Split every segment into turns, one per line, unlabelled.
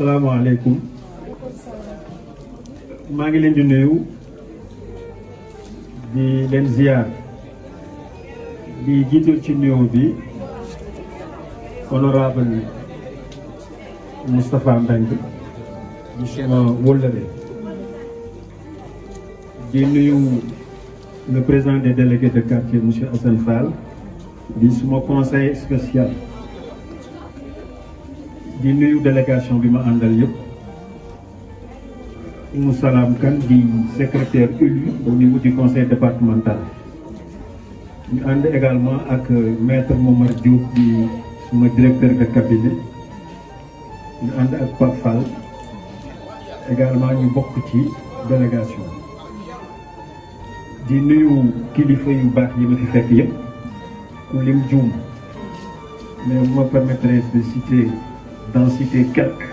Salam alaikum. ngi leen di nuyu di len ziar di jiital ci new bi honorable mustafa Mbengue di suma wóllëre di nuyu le président des délégués de quartier monsieur Assane Fall di suma conseil spécial di nuyu délégation bi ma àndal yëpp Oumou Salam Kane di secrétaire élu au niveau du conseil départemental ñu ànd également ak euh, maître Momar Diop di suma directeur de cabinet ñu ànd ak Pape Fall ñu bokk ci délégation di nuyu kilifa yu baax yi ma fi fekk yëpp ku lim juum mais bu ma permettre de citer d'en citer quelques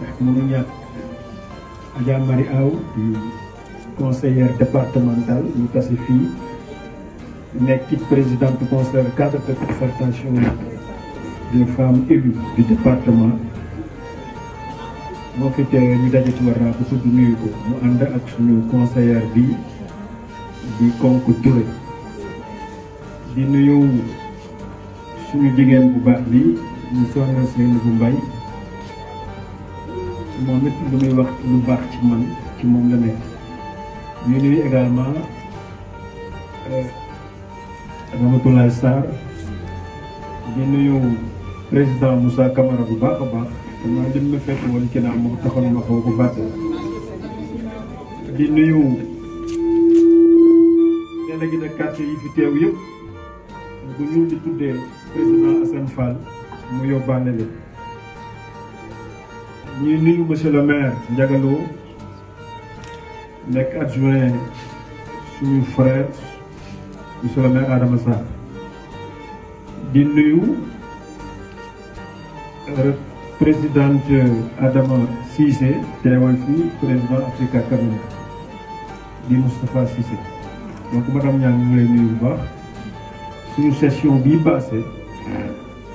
ndax mënu ñàkk Adja Aw di conseillère départementale tasi fii nekk it présidente conseil cadre de concertation des femmes élues du département moo fi teewee ñu daje ci war naa ko tudd nuyu ko mu ànd ak suñu conseillère bi di Konko di nuyu suñu jigéen bu baax bi soxna si Mbaye moom it lu muy wax lu baax ci man ci moom la nekk ñu nuyu également euh, Ramatoulaye Sarr di nuyu président Moussa Camara bu baax a baax dama lim ma fekk woon ci naa moom taxoon ma xaw di nuyu délégué de quartier yi fi teew yëpp bu ñu tuddee président Assane Fall mu yóbbaale leen ñuy nuyu monsieur le maire Ndiaga Lo nekk adjoint suñu frère monsieur le maire Adama Sarr di nuyu euh, présidente Adama Cissé teewal fii président Africa Cabinet di Moustapha Cissé donc madame Niang ñu ngi lay nuyu baax suñu session bii passé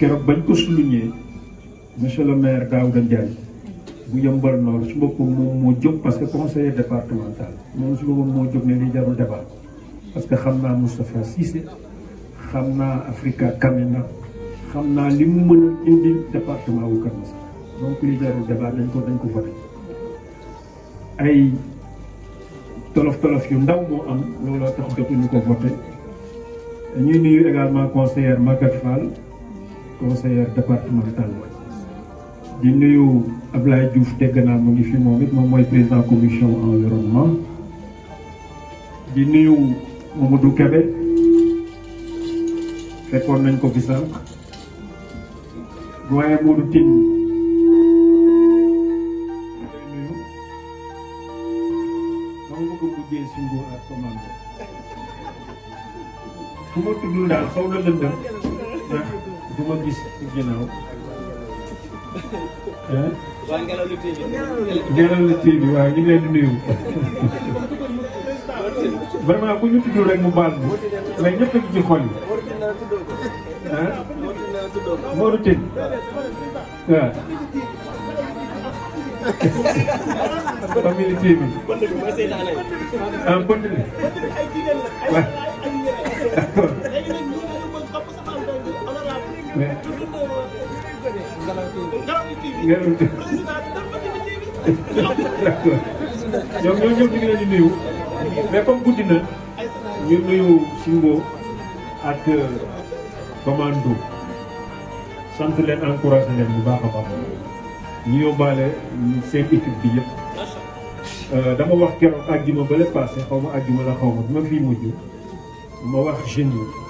keroog bañ ko souligné monsieur le maire Daouda Ndiaye bu yëmbal noor su boppam moom moo jóg parce que conseiller départemental moom su boppam moo jóg ne li jarul débat parce que xam naa Moustapha Cissé xam naa Africa Camena xam naa li mu mën a indi département wu Keur Massar donc li jarul débat dañ ko dañ ko voté ay tolof tolof yu ndaw am tax ko voté ñuy nuyu également Fall conseillère départementale di nuyu Ablaye Diouf dégg naa mu ngi fi moom it moom mooy président commission environnement di nuyu Mamadou Kébé fekkoon nañ ko fi sànq doyen Modou Tine nuyu dama bëgg mujjee si nguur ak commande bu ma tudd daal du ma gis ci ginnaaw. waa ngelaw li TV. ngelaw li TV waaw ñu ngi leen di nuyu. vraiment ku ñu tudd rek mu baal bi mais ñëpp a ngi ci xol yi. ah. Modou Tine. waaw. famille TV. ah Mbodj. waaw d'accord. mais. ñoom ñoo ñëpp nuyu. mais comme guddi na ñu nuyu Simbo ak Commando euh, sant leen encouragé leen bu baax a baax ñu yóbbaale seen équipe bi yëpp. Euh, dama wax keroog àjjuma ba le passé ma àjjuma la xaw ma ma fii mujj ma wax jeunes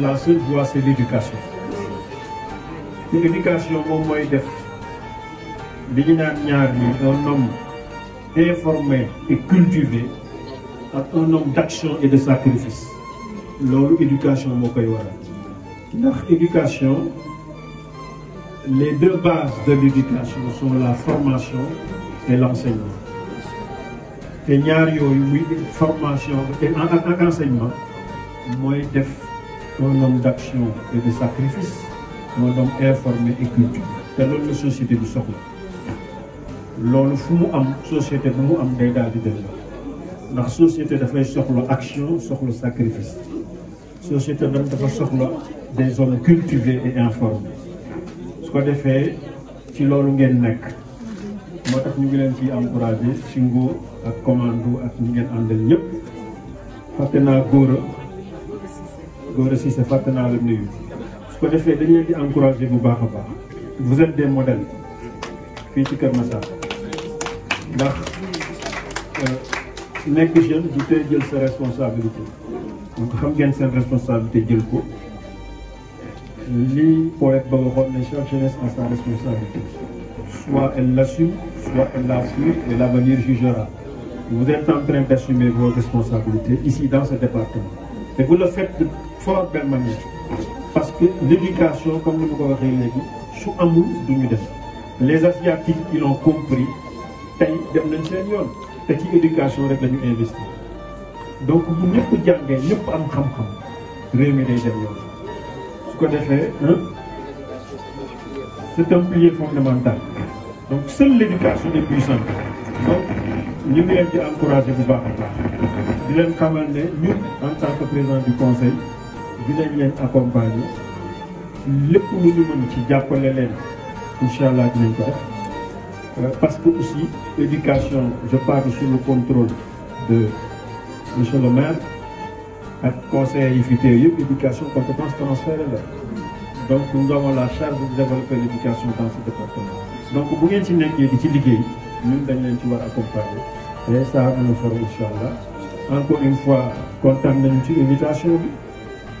la seule voie c'est l'éducation l'éducation éducation est de faire un homme informé et cultivé un homme d'action et de sacrifice c'est éducation l'éducation les deux bases de l'éducation sont la formation et l'enseignement formation et en enseignement mooy un homme d'action et de sacrifice un homme informé et cultivé te loolu la société du soxla loolu fu mu am société bu mu am day daal di dem ndax société dafay soxla action soxla sacrifice société dam dafa soxla des hommes cultivés et informés su ko defee ci loolu ngeen nekk moo tax ñu ngi leen ciy encouragé ci ngóor ak commando ak ñi en àndal de fàtte naa góora que vous fàtte naa la nuyu Je ko defee dañ encourager, di encouragé vous êtes des modèles fii ci Kër Massar ndax euh, nekk jeune du de jël sa responsabilité donc xam ngeen sa responsabilité de ko lii poète ba ne chaque jeunesse a sa responsabilité soit elle l'assume soit elle l'assume et l'avenir jugera vous êtes en train d'assumer vos responsabilités ici dans ce département et vous le faites fort manière parce que l'éducation comme nous ko sous amour su les asiatiques ils l'ont compris c'est éducation investir donc nous pouvons pas nous am xam-xam hein, c'est un pilier fondamental donc seule l'éducation est puissante donc nous devons encourager bu baax nous en tant que président du conseil dinañ leen accompagner lépp lu ñu mën ci jàppale leen incha allah dinañ ko def euh, parce que aussi l'éducation je parle sur le contrôle de monsieur le maire ak conseil yi fi teew yëpp éducation compétence transférée la donc nous avons la charge de développer l'éducation dans ce département donc bu ngeen ci nekkee di ci liggéey ñun dañ leen ci war accompagner et ça am na faire incha encore une fois kontaan nañu ci invitation bi.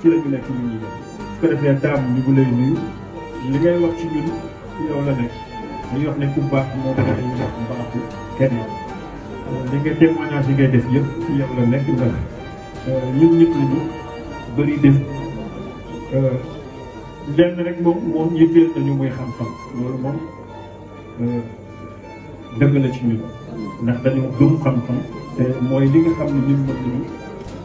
ci la ñu nekk ñun ñu ñëw su ñu ngi lay nuyu li ngay wax ci ñun yow la nekk dañuy ne ku baax moo tax dañuy wax mbaaxu kenn euh, li nga témoignage yi ngay def yëpp ci yow la nekk ndax euh, ñun nit la ñu bëri def euh, lenn rek moom moom yitteel nañu muy xam-xam loolu moom dëgg la ci ñun ndax dañu gëm xam-xam te mooy li nga xam ne ñun mën nañu.